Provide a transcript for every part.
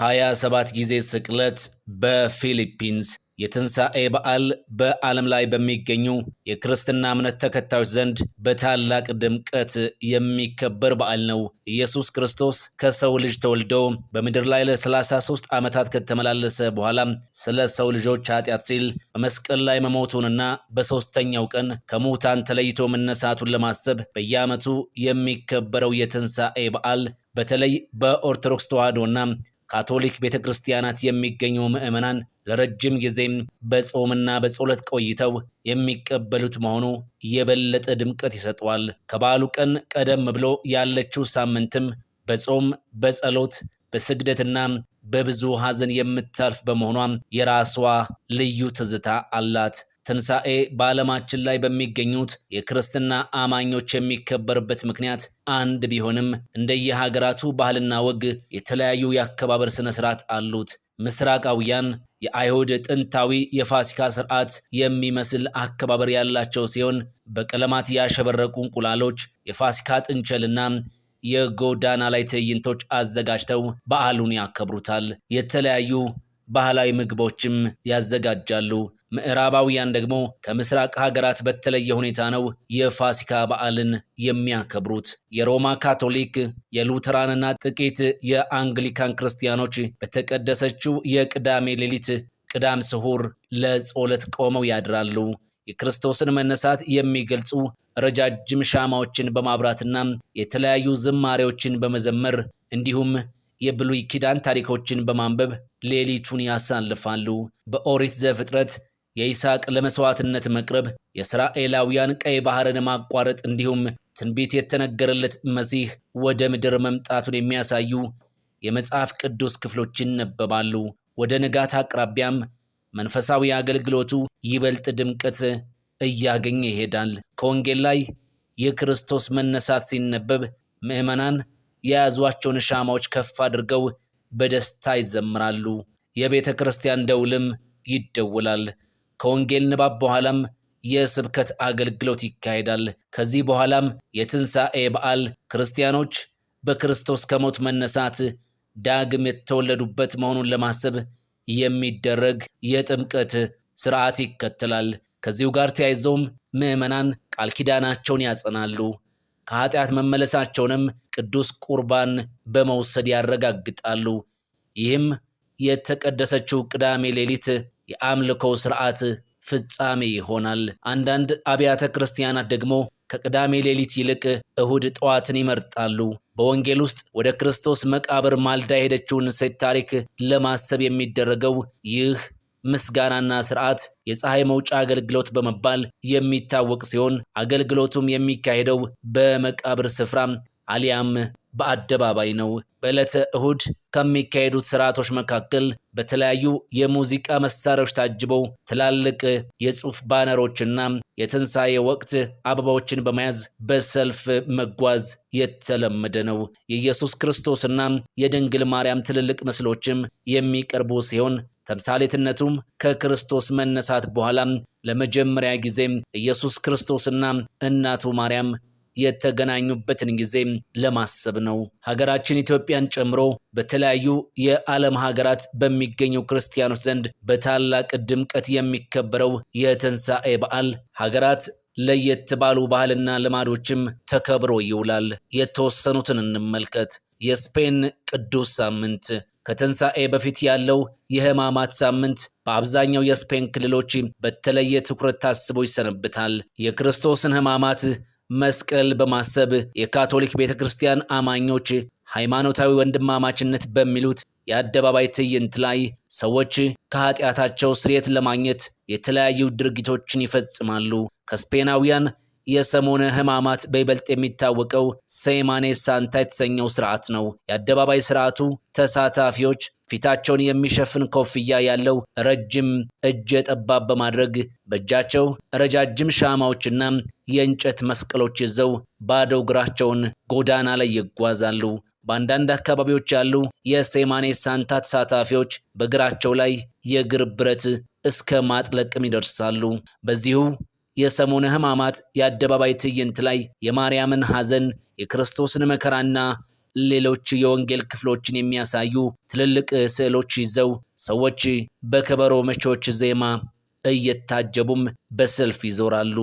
ሀያ ሰባት ጊዜ ስቅለት በፊሊፒንስ የትንሣኤ በዓል በዓለም ላይ በሚገኙ የክርስትና እምነት ተከታዮች ዘንድ በታላቅ ድምቀት የሚከበር በዓል ነው። ኢየሱስ ክርስቶስ ከሰው ልጅ ተወልዶ በምድር ላይ ለ33 ዓመታት ከተመላለሰ በኋላም ስለ ሰው ልጆች ኃጢአት ሲል በመስቀል ላይ መሞቱንና በሦስተኛው ቀን ከሙታን ተለይቶ መነሳቱን ለማሰብ በየዓመቱ የሚከበረው የትንሣኤ በዓል በተለይ በኦርቶዶክስ ተዋሕዶና ካቶሊክ ቤተ ክርስቲያናት የሚገኙ ምዕመናን ለረጅም ጊዜም በጾምና በጸሎት ቆይተው የሚቀበሉት መሆኑ የበለጠ ድምቀት ይሰጠዋል። ከበዓሉ ቀን ቀደም ብሎ ያለችው ሳምንትም በጾም በጸሎት በስግደትና በብዙ ሐዘን የምታልፍ በመሆኗ የራሷ ልዩ ትዝታ አላት። ትንሣኤ በዓለማችን ላይ በሚገኙት የክርስትና አማኞች የሚከበርበት ምክንያት አንድ ቢሆንም እንደየሀገራቱ ባህልና ወግ የተለያዩ የአከባበር ሥነ ሥርዓት አሉት። ምስራቃውያን የአይሁድ ጥንታዊ የፋሲካ ስርዓት የሚመስል አከባበር ያላቸው ሲሆን በቀለማት ያሸበረቁ እንቁላሎች፣ የፋሲካ ጥንቸልና የጎዳና ላይ ትዕይንቶች አዘጋጅተው በዓሉን ያከብሩታል። የተለያዩ ባህላዊ ምግቦችም ያዘጋጃሉ። ምዕራባውያን ደግሞ ከምስራቅ ሀገራት በተለየ ሁኔታ ነው የፋሲካ በዓልን የሚያከብሩት። የሮማ ካቶሊክ፣ የሉተራንና ጥቂት የአንግሊካን ክርስቲያኖች በተቀደሰችው የቅዳሜ ሌሊት ቅዳም ስሁር ለጸሎት ቆመው ያድራሉ። የክርስቶስን መነሳት የሚገልጹ ረጃጅም ሻማዎችን በማብራትና የተለያዩ ዝማሬዎችን በመዘመር እንዲሁም የብሉይ ኪዳን ታሪኮችን በማንበብ ሌሊቱን ያሳልፋሉ። በኦሪት ዘፍጥረት የይስሐቅ ለመሥዋዕትነት መቅረብ፣ የእስራኤላውያን ቀይ ባሕርን ማቋረጥ እንዲሁም ትንቢት የተነገረለት መሲህ ወደ ምድር መምጣቱን የሚያሳዩ የመጽሐፍ ቅዱስ ክፍሎች ይነበባሉ። ወደ ንጋት አቅራቢያም መንፈሳዊ አገልግሎቱ ይበልጥ ድምቀት እያገኘ ይሄዳል። ከወንጌል ላይ የክርስቶስ መነሳት ሲነበብ ምዕመናን የያዟቸውን ሻማዎች ከፍ አድርገው በደስታ ይዘምራሉ። የቤተ ክርስቲያን ደውልም ይደወላል። ከወንጌል ንባብ በኋላም የስብከት አገልግሎት ይካሄዳል። ከዚህ በኋላም የትንሣኤ በዓል ክርስቲያኖች በክርስቶስ ከሞት መነሳት ዳግም የተወለዱበት መሆኑን ለማሰብ የሚደረግ የጥምቀት ስርዓት ይከተላል። ከዚሁ ጋር ተያይዘውም ምዕመናን ቃል ኪዳናቸውን ያጸናሉ። ከኃጢአት መመለሳቸውንም ቅዱስ ቁርባን በመውሰድ ያረጋግጣሉ። ይህም የተቀደሰችው ቅዳሜ ሌሊት የአምልኮው ስርዓት ፍጻሜ ይሆናል። አንዳንድ አብያተ ክርስቲያናት ደግሞ ከቅዳሜ ሌሊት ይልቅ እሁድ ጠዋትን ይመርጣሉ። በወንጌል ውስጥ ወደ ክርስቶስ መቃብር ማልዳ የሄደችውን ሴት ታሪክ ለማሰብ የሚደረገው ይህ ምስጋናና ስርዓት የፀሐይ መውጫ አገልግሎት በመባል የሚታወቅ ሲሆን አገልግሎቱም የሚካሄደው በመቃብር ስፍራ አሊያም በአደባባይ ነው። በዕለተ እሁድ ከሚካሄዱት ስርዓቶች መካከል በተለያዩ የሙዚቃ መሳሪያዎች ታጅበው ትላልቅ የጽሑፍ ባነሮችና የትንሣኤ ወቅት አበባዎችን በመያዝ በሰልፍ መጓዝ የተለመደ ነው። የኢየሱስ ክርስቶስና የድንግል ማርያም ትልልቅ ምስሎችም የሚቀርቡ ሲሆን ተምሳሌትነቱም ከክርስቶስ መነሳት በኋላ ለመጀመሪያ ጊዜ ኢየሱስ ክርስቶስና እናቱ ማርያም የተገናኙበትን ጊዜ ለማሰብ ነው። ሀገራችን ኢትዮጵያን ጨምሮ በተለያዩ የዓለም ሀገራት በሚገኙ ክርስቲያኖች ዘንድ በታላቅ ድምቀት የሚከበረው የትንሣኤ በዓል ሀገራት ለየት ባሉ ባህልና ልማዶችም ተከብሮ ይውላል። የተወሰኑትን እንመልከት። የስፔን ቅዱስ ሳምንት ከትንሣኤ በፊት ያለው የሕማማት ሳምንት በአብዛኛው የስፔን ክልሎች በተለየ ትኩረት ታስቦ ይሰነብታል። የክርስቶስን ሕማማት መስቀል በማሰብ የካቶሊክ ቤተ ክርስቲያን አማኞች ሃይማኖታዊ ወንድማማችነት በሚሉት የአደባባይ ትዕይንት ላይ ሰዎች ከኃጢአታቸው ስርየት ለማግኘት የተለያዩ ድርጊቶችን ይፈጽማሉ። ከስፔናውያን የሰሞነ ህማማት በይበልጥ የሚታወቀው ሰይማኔ ሳንታ የተሰኘው ስርዓት ነው። የአደባባይ ስርዓቱ ተሳታፊዎች ፊታቸውን የሚሸፍን ኮፍያ ያለው ረጅም እጀ ጠባብ በማድረግ በእጃቸው ረጃጅም ሻማዎችና የእንጨት መስቀሎች ይዘው ባዶ እግራቸውን ጎዳና ላይ ይጓዛሉ። በአንዳንድ አካባቢዎች ያሉ የሴማኔ ሳንታ ተሳታፊዎች በእግራቸው ላይ የእግር ብረት እስከ ማጥለቅም ይደርሳሉ። በዚሁ የሰሙነ ሕማማት የአደባባይ ትዕይንት ላይ የማርያምን ሐዘን፣ የክርስቶስን መከራና ሌሎች የወንጌል ክፍሎችን የሚያሳዩ ትልልቅ ስዕሎች ይዘው ሰዎች በከበሮ መቾች ዜማ እየታጀቡም በሰልፍ ይዞራሉ።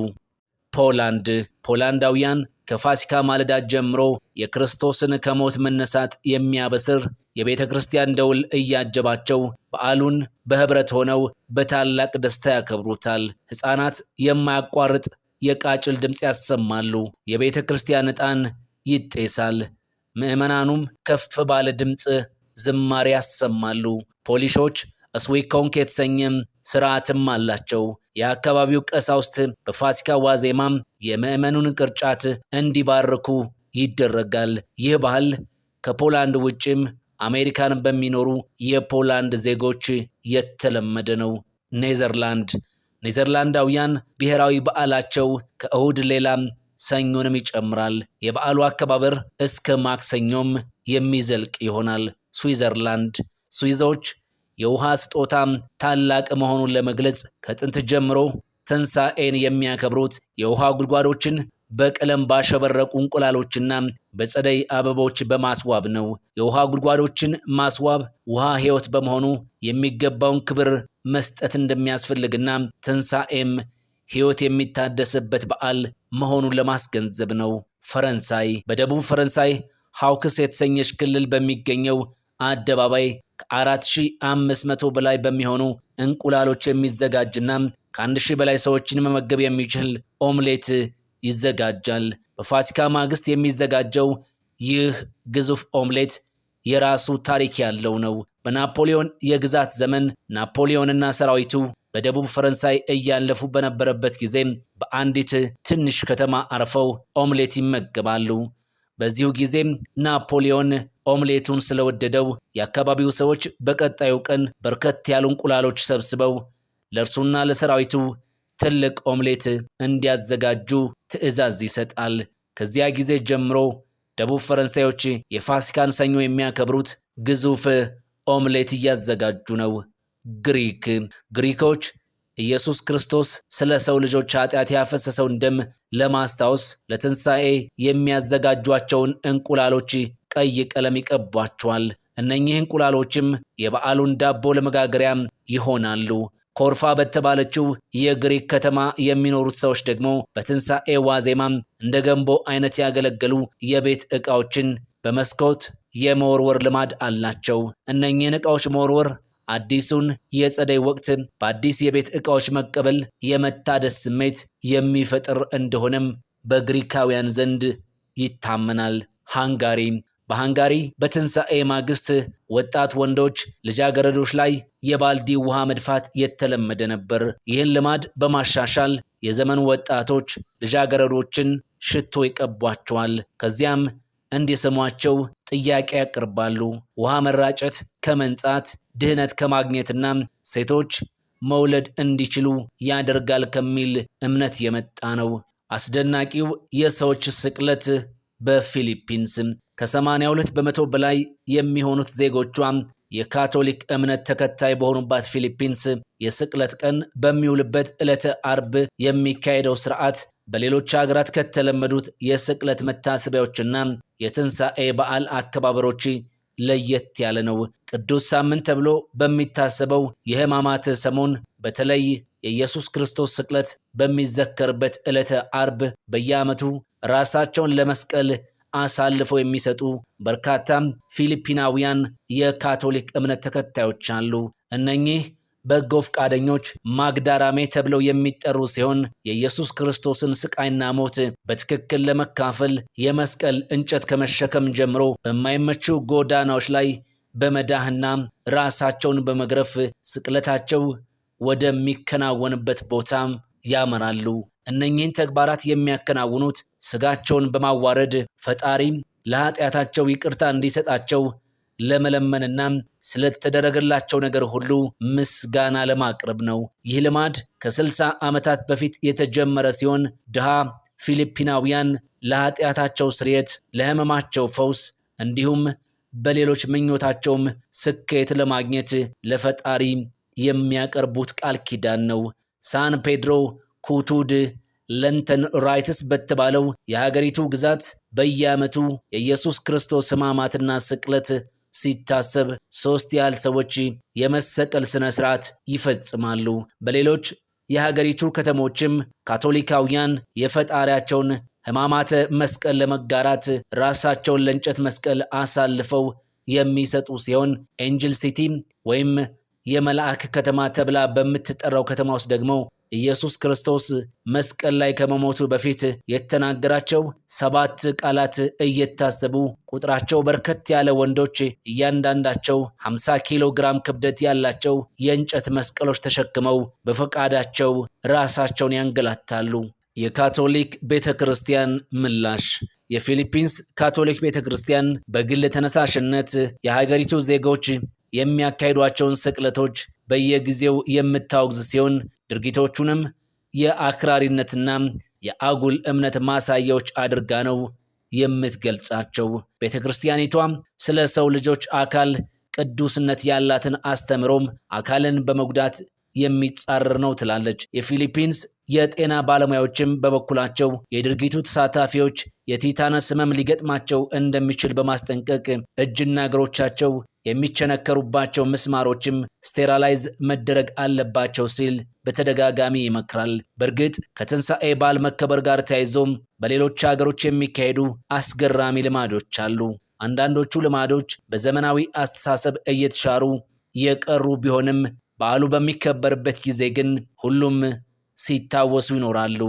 ፖላንድ ፖላንዳውያን ከፋሲካ ማለዳት ጀምሮ የክርስቶስን ከሞት መነሳት የሚያበስር የቤተ ክርስቲያን ደውል እያጀባቸው በዓሉን በህብረት ሆነው በታላቅ ደስታ ያከብሩታል። ሕፃናት የማያቋርጥ የቃጭል ድምፅ ያሰማሉ። የቤተ ክርስቲያን ዕጣን ይጤሳል። ምዕመናኑም ከፍ ባለ ድምፅ ዝማሬ ያሰማሉ። ፖሊሾች እስዊኮንክ የተሰኘም ስርዓትም አላቸው። የአካባቢው ቀሳውስት በፋሲካ ዋዜማም የምዕመኑን ቅርጫት እንዲባርኩ ይደረጋል። ይህ ባህል ከፖላንድ ውጭም አሜሪካን በሚኖሩ የፖላንድ ዜጎች የተለመደ ነው። ኔዘርላንድ ኔዘርላንዳውያን ብሔራዊ በዓላቸው ከእሁድ ሌላም ሰኞንም ይጨምራል። የበዓሉ አከባበር እስከ ማክሰኞም የሚዘልቅ ይሆናል። ስዊዘርላንድ ስዊዞች የውሃ ስጦታ ታላቅ መሆኑን ለመግለጽ ከጥንት ጀምሮ ትንሣኤን የሚያከብሩት የውሃ ጉድጓዶችን በቀለም ባሸበረቁ እንቁላሎችና በጸደይ አበቦች በማስዋብ ነው። የውሃ ጉድጓዶችን ማስዋብ ውሃ ሕይወት በመሆኑ የሚገባውን ክብር መስጠት እንደሚያስፈልግና ትንሣኤም ሕይወት የሚታደስበት በዓል መሆኑን ለማስገንዘብ ነው። ፈረንሳይ በደቡብ ፈረንሳይ ሃውክስ የተሰኘች ክልል በሚገኘው አደባባይ ከ መቶ በላይ በሚሆኑ እንቁላሎች የሚዘጋጅና ከ ሺህ በላይ ሰዎችን መመገብ የሚችል ኦምሌት ይዘጋጃል። በፋሲካ ማግስት የሚዘጋጀው ይህ ግዙፍ ኦምሌት የራሱ ታሪክ ያለው ነው። በናፖሊዮን የግዛት ዘመን ናፖሊዮንና ሰራዊቱ በደቡብ ፈረንሳይ እያለፉ በነበረበት ጊዜ በአንዲት ትንሽ ከተማ አርፈው ኦምሌት ይመገባሉ። በዚሁ ጊዜም ናፖሊዮን ኦምሌቱን ስለወደደው የአካባቢው ሰዎች በቀጣዩ ቀን በርከት ያሉ እንቁላሎች ሰብስበው ለእርሱና ለሰራዊቱ ትልቅ ኦምሌት እንዲያዘጋጁ ትዕዛዝ ይሰጣል። ከዚያ ጊዜ ጀምሮ ደቡብ ፈረንሳዮች የፋሲካን ሰኞ የሚያከብሩት ግዙፍ ኦምሌት እያዘጋጁ ነው። ግሪክ ግሪኮች ኢየሱስ ክርስቶስ ስለ ሰው ልጆች ኃጢአት ያፈሰሰውን ደም ለማስታወስ ለትንሣኤ የሚያዘጋጇቸውን እንቁላሎች ቀይ ቀለም ይቀቧቸዋል። እነኚህ እንቁላሎችም የበዓሉን ዳቦ ለመጋገሪያም ይሆናሉ። ኮርፋ በተባለችው የግሪክ ከተማ የሚኖሩት ሰዎች ደግሞ በትንሣኤ ዋዜማም እንደ ገንቦ አይነት ያገለገሉ የቤት ዕቃዎችን በመስኮት የመወርወር ልማድ አላቸው። እነኚህን ዕቃዎች መወርወር አዲሱን የጸደይ ወቅት በአዲስ የቤት ዕቃዎች መቀበል የመታደስ ስሜት የሚፈጥር እንደሆነም በግሪካውያን ዘንድ ይታመናል። ሃንጋሪ በሃንጋሪ በትንሣኤ ማግስት ወጣት ወንዶች ልጃገረዶች ላይ የባልዲ ውሃ መድፋት የተለመደ ነበር። ይህን ልማድ በማሻሻል የዘመኑ ወጣቶች ልጃገረዶችን ሽቶ ይቀቧቸዋል። ከዚያም እንዲስሟቸው ጥያቄ ያቀርባሉ። ውሃ መራጨት ከመንጻት ድህነት ከማግኘትና ሴቶች መውለድ እንዲችሉ ያደርጋል ከሚል እምነት የመጣ ነው። አስደናቂው የሰዎች ስቅለት በፊሊፒንስ ከ82 በመቶ በላይ የሚሆኑት ዜጎቿ የካቶሊክ እምነት ተከታይ በሆኑባት ፊሊፒንስ የስቅለት ቀን በሚውልበት ዕለተ አርብ የሚካሄደው ስርዓት በሌሎች ሀገራት ከተለመዱት የስቅለት መታሰቢያዎችና የትንሣኤ በዓል አከባበሮች ለየት ያለ ነው። ቅዱስ ሳምንት ተብሎ በሚታሰበው የሕማማት ሰሞን በተለይ የኢየሱስ ክርስቶስ ስቅለት በሚዘከርበት ዕለተ አርብ በየዓመቱ ራሳቸውን ለመስቀል አሳልፈው የሚሰጡ በርካታ ፊሊፒናውያን የካቶሊክ እምነት ተከታዮች አሉ። እነኚህ በጎ ፈቃደኞች ማግዳራሜ ተብለው የሚጠሩ ሲሆን የኢየሱስ ክርስቶስን ስቃይና ሞት በትክክል ለመካፈል የመስቀል እንጨት ከመሸከም ጀምሮ በማይመቹ ጎዳናዎች ላይ በመዳህና ራሳቸውን በመግረፍ ስቅለታቸው ወደሚከናወንበት ቦታ ያመራሉ። እነኚህን ተግባራት የሚያከናውኑት ስጋቸውን በማዋረድ ፈጣሪ ለኃጢአታቸው ይቅርታ እንዲሰጣቸው ለመለመንና ስለተደረገላቸው ነገር ሁሉ ምስጋና ለማቅረብ ነው። ይህ ልማድ ከስልሳ ዓመታት በፊት የተጀመረ ሲሆን ድሃ ፊሊፒናውያን ለኃጢአታቸው ስርየት፣ ለህመማቸው ፈውስ እንዲሁም በሌሎች ምኞታቸውም ስኬት ለማግኘት ለፈጣሪ የሚያቀርቡት ቃል ኪዳን ነው። ሳን ፔድሮ ኩቱድ ለንተን ራይትስ በተባለው የሀገሪቱ ግዛት በየዓመቱ የኢየሱስ ክርስቶስ ሕማማትና ስቅለት ሲታሰብ ሦስት ያህል ሰዎች የመሰቀል ሥነ ሥርዓት ይፈጽማሉ። በሌሎች የሀገሪቱ ከተሞችም ካቶሊካውያን የፈጣሪያቸውን ሕማማተ መስቀል ለመጋራት ራሳቸውን ለእንጨት መስቀል አሳልፈው የሚሰጡ ሲሆን ኤንጅል ሲቲ ወይም የመልአክ ከተማ ተብላ በምትጠራው ከተማ ውስጥ ደግሞ ኢየሱስ ክርስቶስ መስቀል ላይ ከመሞቱ በፊት የተናገራቸው ሰባት ቃላት እየታሰቡ ቁጥራቸው በርከት ያለ ወንዶች እያንዳንዳቸው 50 ኪሎ ግራም ክብደት ያላቸው የእንጨት መስቀሎች ተሸክመው በፈቃዳቸው ራሳቸውን ያንገላታሉ። የካቶሊክ ቤተ ክርስቲያን ምላሽ የፊሊፒንስ ካቶሊክ ቤተ ክርስቲያን በግል ተነሳሽነት የሀገሪቱ ዜጎች የሚያካሂዷቸውን ስቅለቶች በየጊዜው የምታወግዝ ሲሆን ድርጊቶቹንም የአክራሪነትና የአጉል እምነት ማሳያዎች አድርጋ ነው የምትገልጻቸው። ቤተ ክርስቲያኒቷ ስለ ሰው ልጆች አካል ቅዱስነት ያላትን አስተምሮም አካልን በመጉዳት የሚጻረር ነው ትላለች። የፊሊፒንስ የጤና ባለሙያዎችም በበኩላቸው የድርጊቱ ተሳታፊዎች የቲታነስ ህመም ሊገጥማቸው እንደሚችል በማስጠንቀቅ እጅና እግሮቻቸው የሚቸነከሩባቸው ምስማሮችም ስቴራላይዝ መደረግ አለባቸው ሲል በተደጋጋሚ ይመክራል። በእርግጥ ከትንሣኤ በዓል መከበር ጋር ተያይዞም በሌሎች አገሮች የሚካሄዱ አስገራሚ ልማዶች አሉ። አንዳንዶቹ ልማዶች በዘመናዊ አስተሳሰብ እየተሻሩ የቀሩ ቢሆንም በዓሉ በሚከበርበት ጊዜ ግን ሁሉም ሲታወሱ ይኖራሉ።